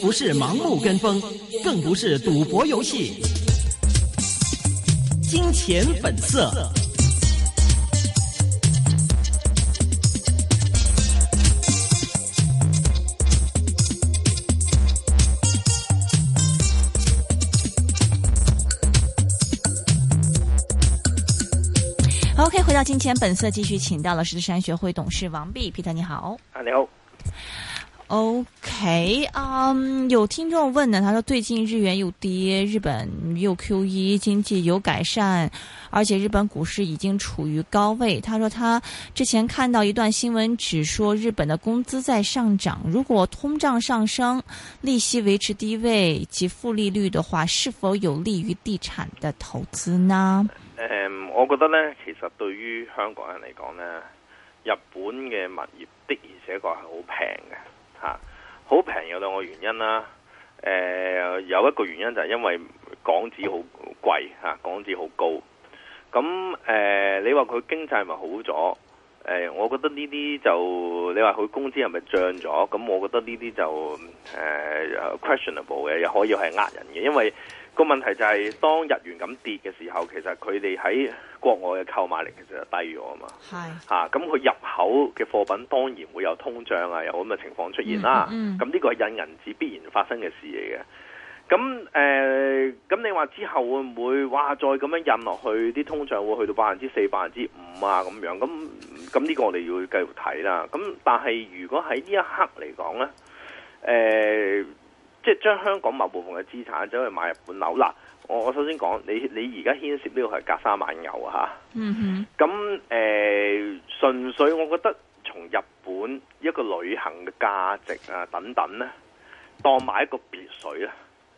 不是盲目跟風，更不是賭博遊戲。金錢本色，金錢本色，好。OK，回到金錢本色，繼續請到了獅子山學會董事王弼皮特，Peter, 你好。你好。OK，嗯、um,，有聽眾問呢，他說最近日元又跌，日本又 QE，經濟有改善，而且日本股市已經處於高位。他說他之前看到一段新聞，指說日本的工資在上漲。如果通脹上升，利息維持低位及負利率的話，是否有利於地產的投資呢？嗯、我覺得呢，其實對於香港人嚟講呢，日本嘅物業的而且確係好平嘅。吓、啊，好平有兩個原因啦、啊。誒、呃，有一個原因就係因為港紙好貴吓、啊，港紙好高。咁誒、呃，你話佢經濟係咪好咗？誒、呃，我覺得呢啲就你話佢工資係咪漲咗？咁我覺得呢啲就誒、呃、questionable 嘅，又可以係呃人嘅，因為。個問題就係、是、當日元咁跌嘅時候，其實佢哋喺國外嘅購買力其實就低咗啊嘛。係嚇，咁、啊、佢入口嘅貨品當然會有通脹啊，有咁嘅情況出現啦。咁、嗯、呢、嗯嗯、個係印銀紙必然發生嘅事嚟嘅。咁誒，咁、呃、你話之後會唔會話再咁樣印落去，啲通脹會去到百分之四、百分之五啊咁樣？咁咁呢個我哋要繼續睇啦。咁但係如果喺呢一刻嚟講咧，誒、呃。即係將香港某部分嘅資產走去買日本樓啦。我我首先講，你你而家牽涉呢個係隔山買牛吓。嗯哼。咁誒，純、呃、粹我覺得從日本一個旅行嘅價值啊等等咧，當買一個別墅咧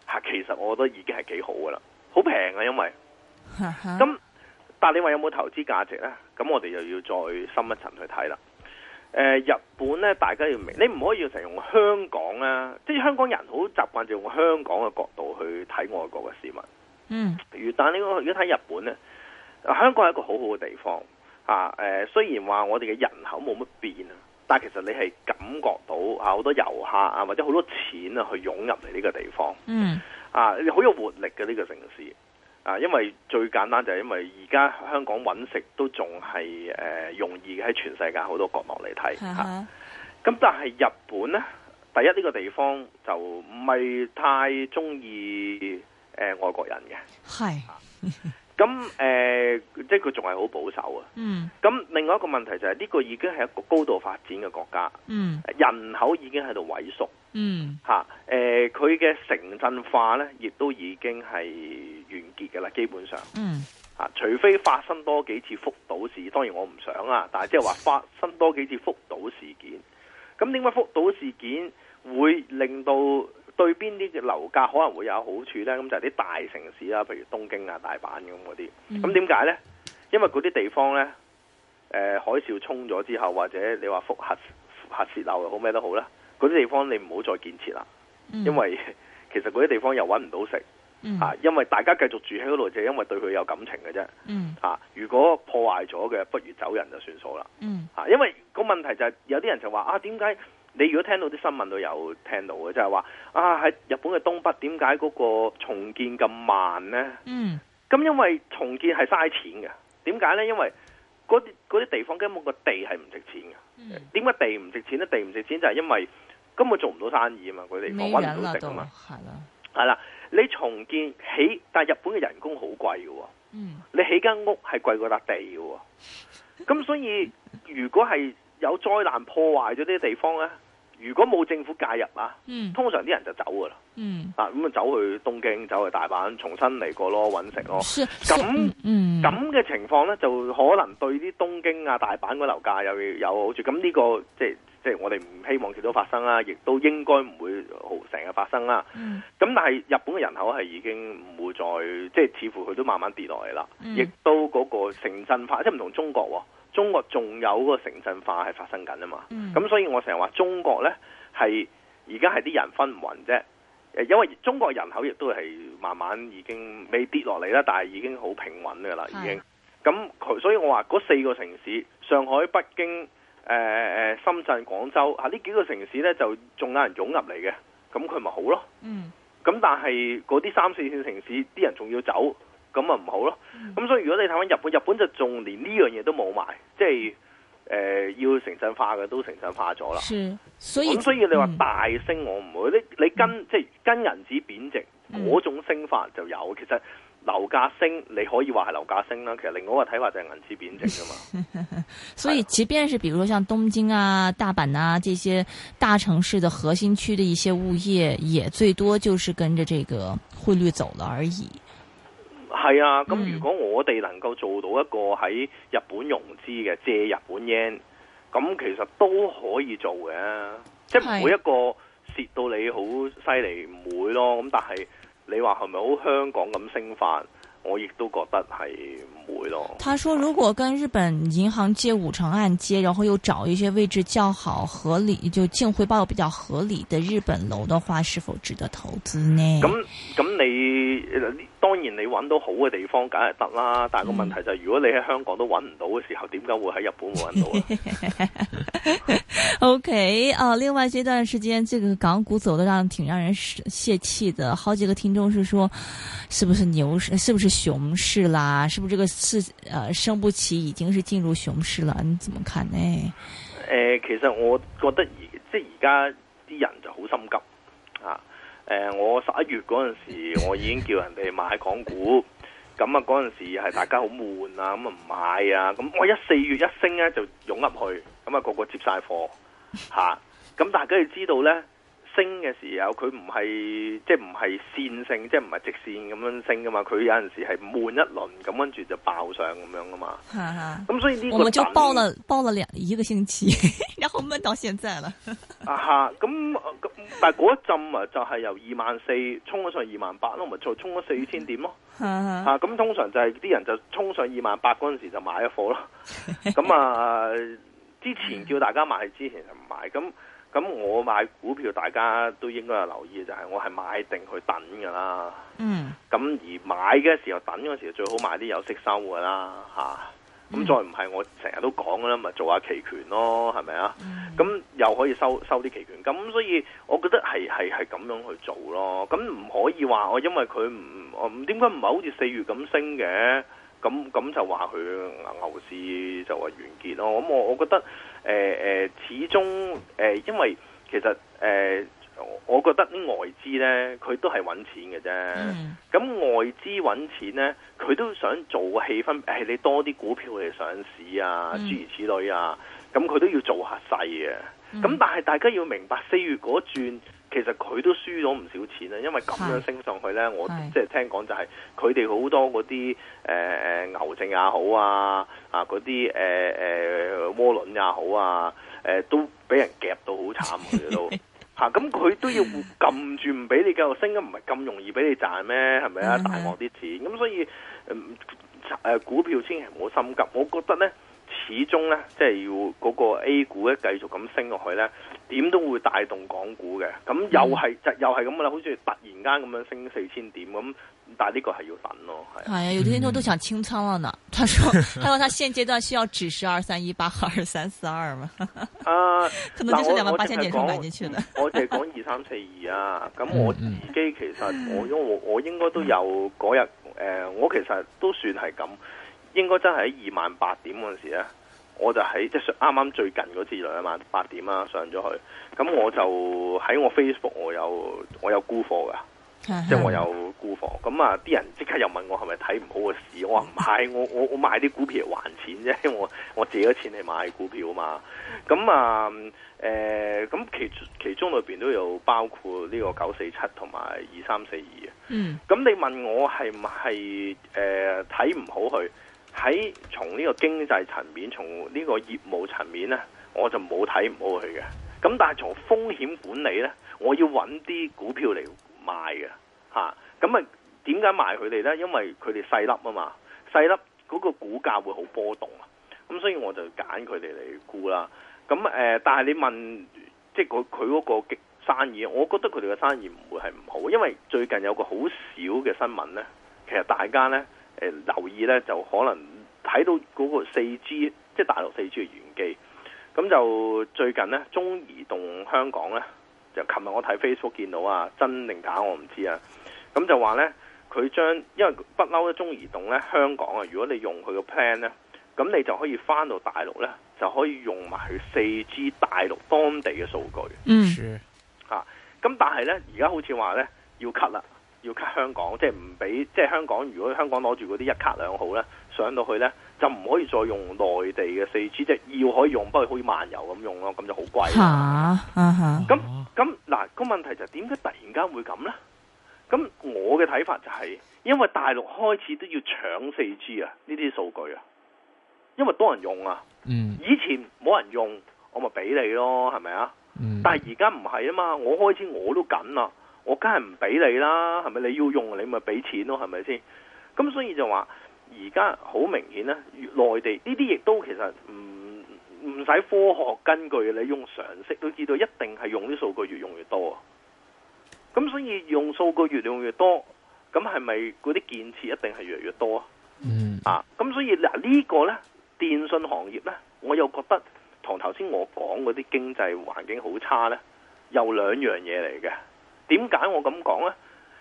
吓、啊，其實我覺得已經係幾好噶啦，好平啊，因為咁、啊嗯。但係你話有冇投資價值咧？咁我哋又要再深一層去睇啦。誒，日本咧，大家要明，你唔可以要成日用香港啦，即係香港人好習慣就用香港嘅角度去睇外國嘅市民。嗯，但呢個如果睇日本咧，香港係一個好好嘅地方啊。誒，雖然話我哋嘅人口冇乜變啊，但係其實你係感覺到啊好多遊客啊或者好多錢啊去湧入嚟呢個地方。嗯，啊好有活力嘅呢個城市。啊，因為最簡單就係因為而家香港揾食都仲係、呃、容易，喺全世界好多角落嚟睇。咁但係日本呢，第一呢個地方就唔係太中意。誒、呃，外國人嘅係，咁 誒、啊、呃，即係佢仲係好保守啊。嗯，咁另外一個問題就係、是、呢、這個已經係一個高度發展嘅國家。嗯，人口已經喺度萎縮。嗯，吓、啊，誒、呃，佢嘅城鎮化呢，亦都已經係完結嘅啦，基本上。嗯，啊，除非發生多幾次福島事，當然我唔想啊，但係即係話發生多幾次福島事件，咁點解福島事件會令到？對邊啲嘅樓價可能會有好處呢？咁就係啲大城市啦，譬如東京啊、大阪咁嗰啲。咁點解呢？因為嗰啲地方呢，呃、海嘯沖咗之後，或者你話核核泄漏又好咩都好啦，嗰啲地方你唔好再建設啦、嗯。因為其實嗰啲地方又揾唔到食、嗯、啊。因為大家繼續住喺嗰度，就係、因為對佢有感情嘅啫、嗯啊。如果破壞咗嘅，不如走人就算數啦、嗯。啊，因為個問題就係、係、有啲人就話啊，點解？你如果聽到啲新聞都有聽到嘅，就係話啊，喺日本嘅東北點解嗰個重建咁慢呢？嗯，咁因為重建係嘥錢嘅。點解呢？因為嗰啲地方根本個地係唔值錢嘅。嗯，點解地唔值錢咧？地唔值錢就係因為根本做唔到生意啊嘛，嗰啲地方揾唔、啊、到食啊嘛。係啦，係啦，你重建起，但係日本嘅人工好貴嘅喎、嗯。你起間屋係貴過笪地嘅喎。咁所以如果係。有災難破壞咗啲地方呢，如果冇政府介入啊，嗯、通常啲人就走噶啦、嗯。啊，咁啊走去東京，走去大阪，重新嚟過咯，揾食咯。咁咁嘅情況呢，就可能對啲東京啊、大阪嗰啲樓價有有好處。咁呢、呢個即係即係我哋唔希望佢都發生啦，亦都應該唔會好成日發生啦。咁、嗯、但係日本嘅人口係已經唔會再即係，似乎佢都慢慢跌落嚟啦。亦、嗯、都嗰個城鎮化，即係唔同中國、啊。中國仲有個城鎮化係發生緊啊嘛，咁、嗯、所以我成日話中國呢係而家係啲人分唔勻啫，因為中國人口亦都係慢慢已經未跌落嚟啦，但係已經好平穩嘅啦，已經。咁佢所以我話嗰四個城市，上海、北京、呃、深圳、廣州吓呢幾個城市呢就仲有人湧入嚟嘅，咁佢咪好咯？嗯，咁但係嗰啲三四線城市啲人仲要走。咁咪唔好咯，咁、嗯嗯、所以如果你睇翻日本，日本就仲連呢樣嘢都冇埋，即係誒要城鎮化嘅都城鎮化咗啦。咁所，所以你話大升我唔會，你、嗯、你跟即係、就是、跟銀紙貶值嗰、嗯、種升法就有。其實樓價升你可以話係樓價升啦，其實另外一個睇法就係銀紙貶值噶嘛。 所以即便是，比如說像東京啊、大阪啊這些大城市的核心區的一些物業，也最多就是跟着這個匯率走了而已。係啊，咁如果我哋能夠做到一個喺日本融資嘅、嗯、借日本 yen，咁其實都可以做嘅，即係每一個蝕到你好犀利唔會咯。咁但係你話係咪好香港咁升法？我亦都覺得係唔會咯。他說：如果跟日本銀行借五成按揭，然後又找一些位置較好、合理就淨回報比較合理的日本樓的話，是否值得投資呢？咁咁你？當然你揾到好嘅地方梗係得啦，但係個問題就係如果你喺香港都揾唔到嘅時候，點解會喺日本會揾到啊 ？OK 啊，另外呢段時間，這個港股走得讓挺讓人泄氣的，好幾個聽眾是說，是不是牛市？是不是熊市啦？是不是這個市呃升不起，已經是進入熊市了？你怎麼看呢？誒、呃、其實我覺得即係而家啲人就好心急。誒、呃，我十一月嗰陣時，我已經叫人哋買港股，咁啊嗰陣時係大家好悶啊，咁啊唔買啊，咁我一四月一升咧就湧入去，咁、那、啊個個接晒貨，嚇、啊，咁大家要知道咧。升嘅時候佢唔係，即係唔係線性，即係唔係直線咁樣升噶嘛？佢有陣時係悶一輪咁，跟住就爆上咁樣噶嘛。咁、嗯、所以呢我們就爆了爆了兩一個星期，然後悶到現在啦 、啊。啊吓，咁但係嗰一陣啊就係、是、由二萬四沖咗上二萬八咯，唔、就、係、是、沖咗四千點咯。吓咁、啊、通常就係、是、啲人就沖上二萬八嗰陣時就買一貨咯。咁 啊，之前叫大家買，之前就唔買咁。咁我買股票，大家都應該有留意，就係、是、我係買定去等噶啦。嗯。咁而買嘅時候，等嗰時候最好買啲有息收噶啦，吓、啊。咁、嗯、再唔係，我成日都講噶啦，咪做下期權咯，係咪啊？咁、嗯、又可以收收啲期權。咁所以我覺得係係係咁樣去做咯。咁唔可以話我因為佢唔我唔點解唔係好似四月咁升嘅？咁咁就話佢牛市就話完結咯。咁我我覺得。誒、呃、誒，始終誒、呃，因為其實誒、呃，我覺得啲外資咧，佢都係揾錢嘅啫。咁、mm. 外資揾錢咧，佢都想做個氣氛，係、哎、你多啲股票嚟上市啊，諸、mm. 如此類啊。咁佢都要做下勢嘅。咁、mm. 但係大家要明白，四月嗰轉。其實佢都輸咗唔少錢啊，因為咁樣升上去呢，我即係聽講就係佢哋好多嗰啲誒誒牛證也好啊，啊嗰啲誒誒窩輪也好啊，誒、呃、都俾人夾到好慘佢都嚇，咁 佢、啊、都要撳住唔俾你繼續升，唔係咁容易俾你賺咩？係咪啊？ 大鑊啲錢，咁所以誒、呃、股票千祈唔好心急，我覺得呢。始終咧，即係要嗰個 A 股咧，繼續咁升落去咧，點都會帶動港股嘅。咁又係、嗯、又係咁啦，好似突然間咁樣升四千點咁，但係呢個係要等咯，係。係、哎、啊，有啲人都都想清倉啦。 他說，他說他現階段需要指數二三一八二三四二嘛。 啊， 可能就係兩萬八千點買進去了。28，我淨係講二三四二啊，咁、嗯、我自己其實、嗯、我因為我應該都有嗰、嗯、日誒、呃，我其實都算係咁。應該真係喺二萬八點嗰陣時咧，我就喺即係啱啱最近嗰次兩萬八點啦，上咗去，咁我就喺我 Facebook 我有我有沽貨噶，即 係我有沽貨。咁啊啲人即刻又問我係咪睇唔好個市？我話唔係，我我我買啲股票還錢啫，我我借咗錢嚟買股票嘛。咁啊誒，咁、呃、其其中裏面都有包括呢個九四七同埋二三四二啊。嗯。咁你問我係唔係睇唔好佢？喺從呢個經濟層面，從呢個業務層面咧，我就冇睇唔好佢嘅。咁但係從風險管理咧，我要揾啲股票嚟賣嘅，吓咁啊？點解賣佢哋咧？因為佢哋細粒啊嘛，細粒嗰個股價會好波動啊。咁所以我就揀佢哋嚟估啦。咁誒、呃，但係你問，即係佢佢嗰個生意，我覺得佢哋嘅生意唔會係唔好，因為最近有一個好少嘅新聞咧，其實大家咧。誒、呃，留意咧就可能睇到嗰個四 G，即係大陸四 G 嘅原機。咁就最近咧，中移動香港咧，就琴日我睇 Facebook 見到啊，真定假我唔知啊。咁就話咧，佢將因為不嬲咧，中移動咧香港啊，如果你用佢個 plan 咧，咁你就可以翻到大陸咧，就可以用埋佢四 G 大陸當地嘅數據。嗯，吓、啊，咁但係咧，而家好似話咧要 cut 啦。要卡香港，即係唔俾，即係香港。如果香港攞住嗰啲一卡兩號咧，上到去咧就唔可以再用內地嘅四 G，即係要可以用，不過可以漫遊咁用咯，咁就好貴、啊啊啊、啦。咁咁嗱個問題就係點解突然間會咁咧？咁我嘅睇法就係、是，因為大陸開始都要搶四 G 啊，呢啲數據啊，因為多人用啊。嗯，以前冇人用，我咪俾你咯，係咪啊？嗯、但係而家唔係啊嘛，我開始我都緊啊。我梗係唔俾你啦，係咪？你要用你咪俾錢咯，係咪先？咁所以就話而家好明顯咧，內地呢啲亦都其實唔唔使科學根據。你用常識都知道，一定係用啲數據越用越多啊！咁所以用數據越用越多，咁係咪嗰啲建設一定係越嚟越多啊？嗯，嗯啊，咁所以嗱呢個咧，電信行業咧，我又覺得同頭先我講嗰啲經濟環境好差咧，又兩樣嘢嚟嘅。點解我咁講呢？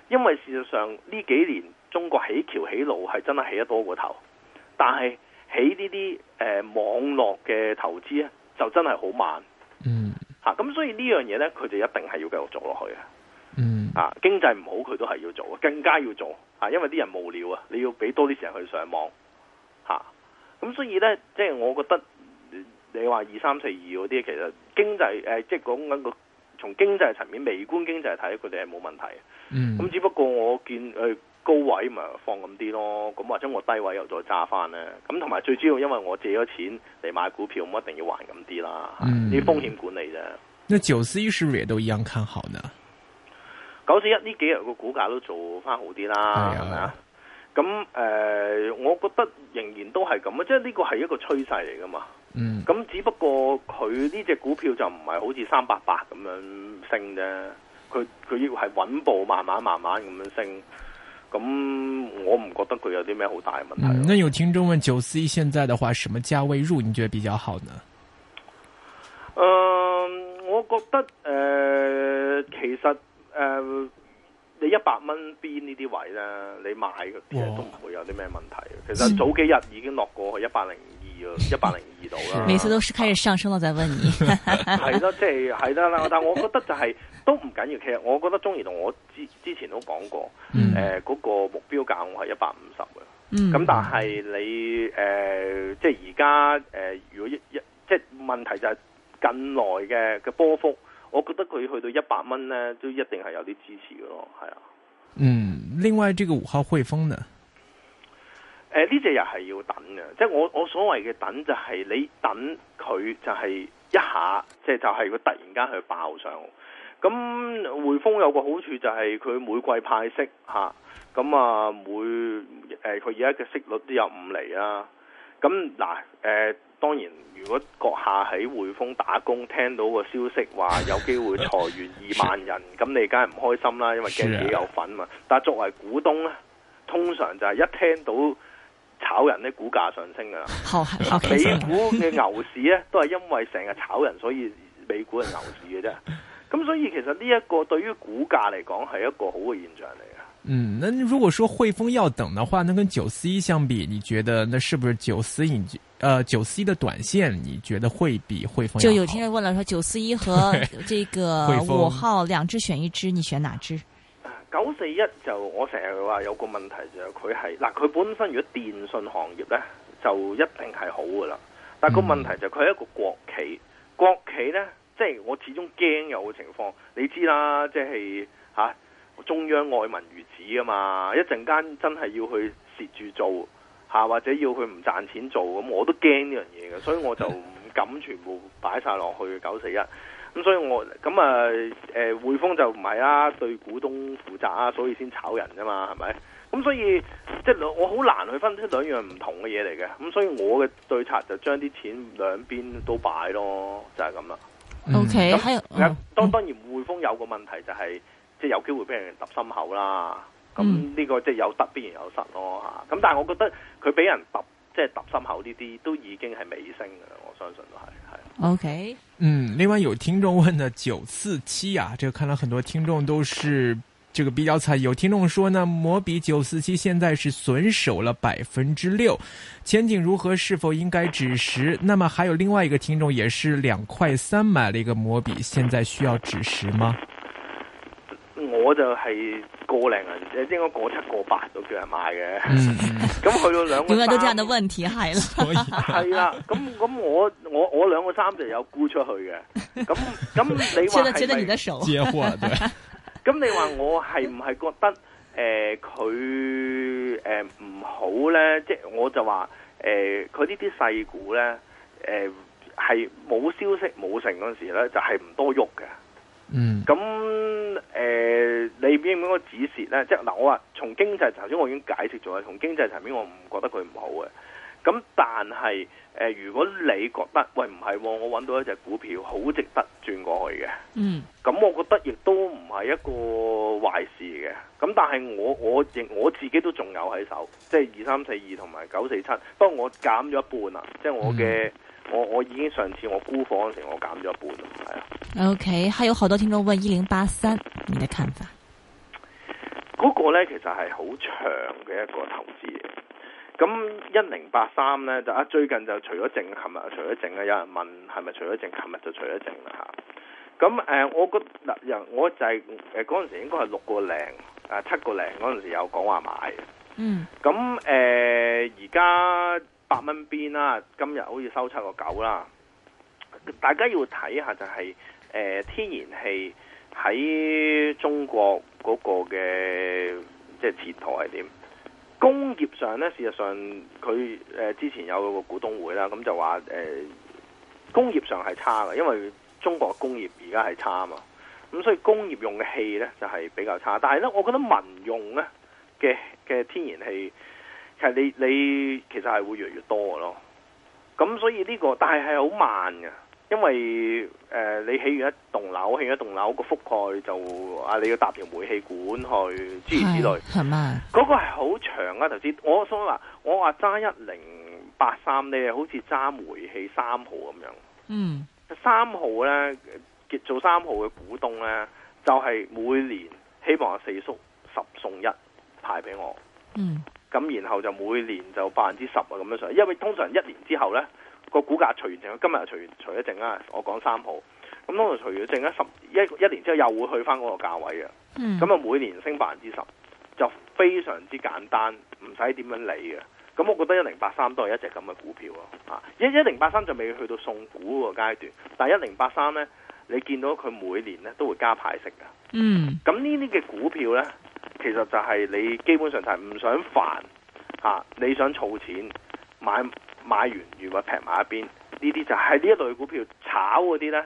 因為事實上呢幾年中國起橋起路係真係起得多過頭，但係起呢啲誒網絡嘅投資咧就真係好慢。嗯，吓、啊、咁所以呢樣嘢呢，佢哋一定係要繼續做落去嘅。嗯，啊經濟唔好佢都係要做，更加要做啊！因為啲人無聊啊，你要俾多啲時間去上網。吓、啊、咁所以呢，即係我覺得你話二三四二嗰啲，其實經濟誒，即係講緊個。從經濟層面、微觀經濟睇，佢哋係冇問題。咁、嗯、只不過我見誒、哎、高位咪放咁啲咯，咁或者我低位又再揸翻咧。咁同埋最主要，因為我借咗錢嚟買股票，我一定要還咁啲啦。呢、嗯、風險管理啫。那九四一係唔係都一樣看好呢？九四一呢幾日個股價都做翻好啲啦，咁、哎、誒、啊呃，我覺得仍然都係咁，即係呢個係一個趨勢嚟㗎嘛。嗯，咁只不過佢呢隻股票就唔係好似三八八咁樣升啫，佢佢要係穩步慢慢慢慢咁樣升，咁我唔覺得佢有啲咩好大嘅問題。嗯，那有聽眾問九 C 現在嘅話，什麼價位入你覺得比較好呢？嗯、呃，我覺得誒、呃，其實誒、呃，你一百蚊邊呢啲位咧，你買嗰啲都唔會有啲咩問題、哦。其實早幾日已經落過去一百零。一百零二度啦，每次都是開始上升咯，再問你。係 咯， 即係係啦，但係我覺得就係、是、都唔緊要。其實我覺得中移同我之之前都講過，誒、嗯、嗰、呃那個目標價我係一百五十嘅。嗯。咁但係你誒、呃，即係而家誒，如果一一即係問題就係近來嘅嘅波幅，我覺得佢去到一百蚊咧，都一定係有啲支持嘅咯。係啊。嗯，另外這個五號滙豐呢？誒、呃，呢隻又係要等嘅，即係我我所謂嘅等就係你等佢就係一下，即係就係、是、佢突然間去爆上。咁匯豐有個好處就係佢每季派息吓，咁啊，啊每誒佢而家嘅息率都有五厘啊。咁嗱誒，當然如果閣下喺匯豐打工，聽到個消息話有機會裁員二萬人，咁 你梗係唔開心啦，因為驚自己有份嘛、啊啊。但係作為股東咧，通常就係一聽到。炒人呢，股價上升㗎喇！好，好， 美股嘅牛市咧，都係因為成日炒人，所以美股係牛市嘅啫。咁所以其實呢一個對於股價嚟講係一個好嘅現象嚟嘅。嗯，那如果說匯豐要等的話，那跟九四一相比，你覺得那是不是九四一？呃，九四一的短線你覺得會比匯豐？就有聽人問啦，說九四一和這個五號兩隻選一隻， 你選哪隻？九四一就我成日話有個問題，就佢係嗱，佢本身如果電信行業呢，就一定係好噶啦，但個問題就佢係一個國企，國企呢，即係我始終驚有個情況，你知啦，即係吓、啊、中央愛民如子啊嘛，一陣間真係要去蝕住做吓或者要去唔賺錢做，咁我都驚呢樣嘢嘅，所以我就唔敢全部擺晒落去九四一。941。咁、嗯、所以我咁啊誒，匯豐、呃、就唔係啦，對股東負責啊，所以先炒人啫嘛，係咪？咁所以即係我好難去分啲兩樣唔同嘅嘢嚟嘅。咁所以我嘅對策就將啲錢兩邊都擺咯，就係咁啦。O K，係。當然、啊、當然匯豐有個問題就係、是、即係有機會俾人揼心口啦。咁、嗯、呢個即係有得必然有失咯嚇。咁但係我覺得佢俾人揼。即係揼心口呢啲都已經係尾聲噶啦，我相信都係係。OK，嗯，另外有聽眾問呢九四七啊，這個看來很多聽眾都是這個比較慘，有聽眾說呢摩比九四七現在是損手了百分之六，前景如何？是否應該止蝕？那麼還有另外一個聽眾也是兩塊三買了一個摩比，現在需要止蝕嗎？我就係個零人，即係應該個七個八都叫人買嘅。咁、嗯、 去到兩個三，永遠都這樣的問題係啦、啊， 係啦。咁咁我我我兩個三就有沽出去嘅。咁 咁你話得咪？接貨啊？咁你話我係唔係覺得誒佢誒唔好咧？即係我就話誒佢呢啲細股咧誒係冇消息冇成嗰時咧，就係唔多喐嘅。嗯，咁誒、呃，你應唔應該指示咧，即係嗱，我話從經濟頭先我已經解釋咗啦，從經濟層面我唔覺得佢唔好嘅。咁但係誒、呃，如果你覺得喂，唔係喎，我揾到一隻股票好值得轉過去嘅，嗯，咁我覺得亦都唔係一個壞事嘅。咁但係我我亦我自己都仲有喺手，即係二三四二同埋九四七，不過我減咗一半啦，即、嗯、係、就係、我嘅。我我已經上次我沽貨嗰時，我減咗一半咯，係啊。OK，還有好多聽眾問一零八三，你嘅看法？嗰、嗰個咧其實係好長嘅一個投資。咁一零八三咧就啊，最近就除咗淨，琴日除咗淨啊，有人問係咪除咗淨，琴日就除咗淨啦吓。咁誒，我覺，嗱，我就係誒，嗰陣時應該係六個零七個零嗰陣時有講話買的。嗯。咁誒，而家。八蚊邊啦、啊，今日好似收七個九啦。大家要睇下就係、是、誒、呃，天然氣喺中國嗰個嘅即係前台係點？工業上呢，事實上佢誒、呃、之前有個股東會啦，咁就話誒、呃、工業上係差嘅，因為中國工業而家係差啊嘛。咁所以工業用嘅氣呢，就係、是、比較差，但係呢，我覺得民用呢嘅嘅天然氣，其實你你其實係會越來越多嘅咯，咁所以呢、這個但係係好慢嘅，因為誒、呃、你起完一棟樓，起完一棟樓個覆蓋就啊，你要搭條煤氣管去，之之類嗰、那個係好長啊！頭先我想話我話揸一零八三咧，好似揸煤氣三號咁樣。嗯，三號咧，做三號嘅股東呢，就係、是、每年希望阿四叔十送一派俾我。嗯。咁然後就每年就百分之十啊咁樣上，因為通常一年之後呢個股價除完淨，今日除完除咗淨啊，我講三號，咁通常除咗淨啊十一一年之後又會去翻嗰個價位啊，咁、嗯、啊每年升百分之十就非常之簡單，唔使點樣理嘅。咁我覺得1083一零八三都係一隻咁嘅股票咯，啊一一零八三就未去到送股嗰個階段，但係一零八三呢，你見到佢每年呢都會加派息㗎，嗯，咁呢啲嘅股票呢。其實就係你基本上就係唔想煩吓、啊，你想儲錢買買完，如果撇埋一邊，呢啲就係呢一類股票炒嗰啲咧，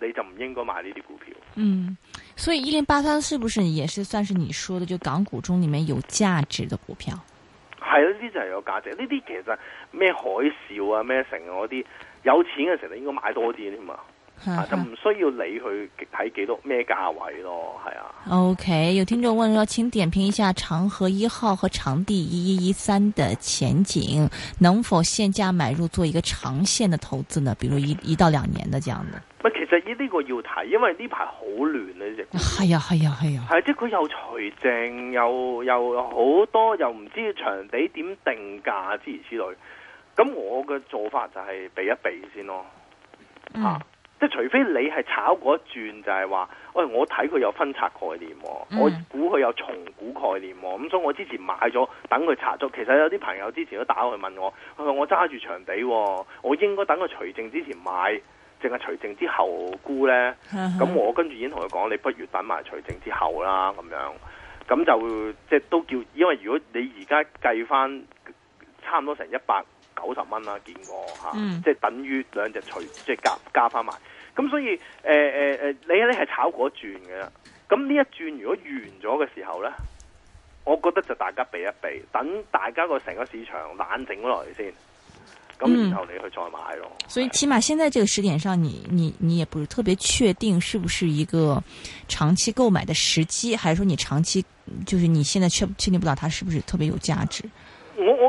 你就唔應該買呢啲股票。嗯，所以一零八三是不是也是算是你說的就港股中裏面有價值的股票？係啦，呢啲就係有價值。呢啲其實咩海嘯啊、咩成嗰啲，有錢嘅時候你應該買多啲添嘛。啊、就唔需要你去睇幾多咩價位咯，係啊。O、okay, K，有聽眾問說，請點評一下長和一號和長地一一一三的前景，能否現價買入做一個長線的投資呢？比如一一到兩年的這樣的。其實呢呢個要睇，因為呢排好亂啊，呢隻股。係啊，係啊，係啊。係即係佢又除淨，又又好多，又唔知長地點定價之如此類。咁我嘅做法就係避一避先咯。嗯。啊即除非你係炒嗰一轉，就係話，喂，我睇佢有分拆概念，我估佢有重估概念，咁所以我之前買咗，等佢拆咗。其實有啲朋友之前都打過去問我，佢話我揸住場地，我應該等佢除證之前買，淨係除證之後沽呢？咁 我跟住已經同佢講，你不如等埋除證之後啦，咁樣，咁就即係都叫，因為如果你而家計返，差唔多成一百九十蚊啦，見過吓、啊嗯，即係等於兩隻錘，即係加加翻埋。咁所以誒誒誒，你咧係炒嗰一轉嘅。咁呢一轉如果完咗嘅時候咧，我覺得就大家避一避，等大家個成個市場冷靜落嚟先。咁然後你去再買咯、嗯。所以起碼現在這個時點上你，你你你也不是特別確定是不是一個長期購買的時機，還是說你長期就是你現在確確定不到它是不是特別有價值？嗯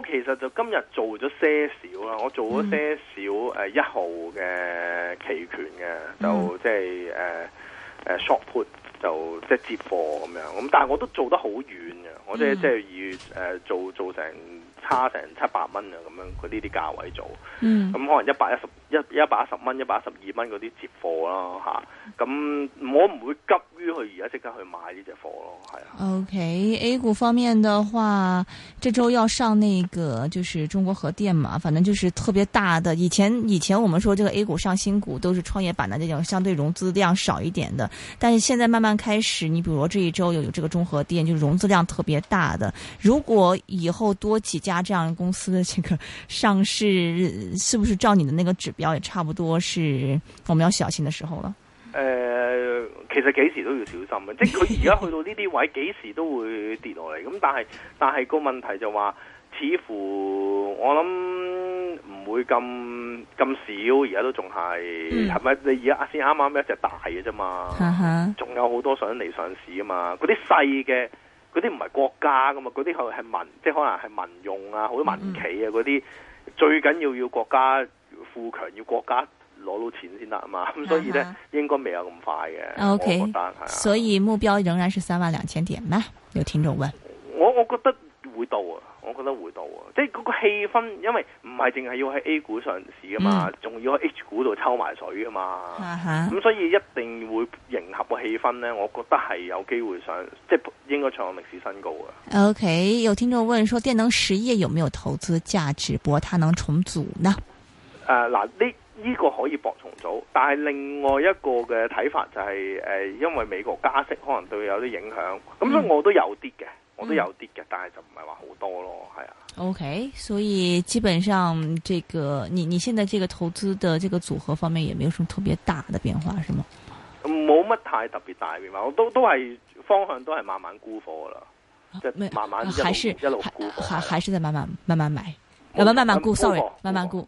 其實就今日做咗些少啊，我做咗些少誒、嗯呃、一號嘅期權嘅，就、嗯、即係誒誒 short put，就即係接貨咁樣。咁但係我都做得好遠嘅，我、就係嗯、即係即係要誒、呃、做做成差成七百蚊啊咁樣，佢呢啲價位做，咁、嗯嗯、可能一百一十。一一百一十蚊、一百一十二蚊嗰啲接貨啦，吓、啊，咁我唔會急於去而家即刻去買呢隻貨咯，係啊。O K，A 股方面的話，這周要上那個就是中國核電嘛，反正就是特別大的。以前以前我們說這個 A 股上新股都是創業板的這種，相對融資量少一點的。但是現在慢慢開始，你比如說這一周有有這個中核電，就融資量特別大的。如果以後多幾家這樣公司的這個上市，是不是照你的那個指？要也差不多是我們要小心的時候了。誒、呃，其實幾時都要小心嘅， 即係佢而家去到呢啲位，幾時都會跌落嚟。咁但係但係個問題就話，似乎我諗唔會咁咁少，而家都仲係係咪？你剛剛而家先啱啱一隻大嘅啫嘛，仲有好多想嚟上市啊嘛。嗰啲細嘅，嗰啲唔係國家㗎嘛，嗰啲係係民，即係可能係民用啊，好多民企啊嗰啲，嗯、嗰啲最緊要要國家。富強要國家攞到錢先得啊嘛，咁、嗯、所以咧、uh-huh. 應該未有咁快嘅。Uh-huh. O、okay. K，所以目標仍然是三萬兩千點咩、嗯？有聽眾問，我我覺得會到啊，我覺得會到啊，即係嗰、那個氣氛，因為唔係淨係要喺 A 股上市啊嘛，仲、嗯、要喺 H 股度抽埋水啊嘛，咁、uh-huh. 嗯、所以一定會迎合個氣氛咧。我覺得係有機會上，即係應該創歷史新高啊。O、okay. K，有聽眾問說，電能實業有沒有投資價值？不過，它能重組呢？誒、呃，嗱呢呢個可以博重組，但係另外一個嘅睇法就係、是、誒、呃，因為美國加息可能對佢有啲影響，咁、嗯、所以我都有啲嘅、嗯，我都有啲嘅，但係就唔係話好多咯，係啊。O、okay, K，所以基本上這個你，你現在這個投資的這個組合方面也沒有什麼特別大的變化，是嗎？冇乜太特別大的變化，我都都係方向都係慢慢沽貨噶啦，啊就是、慢慢、啊啊，還是一路還、啊、還是在慢慢慢慢買，唔係慢慢沽，sorry，慢慢沽。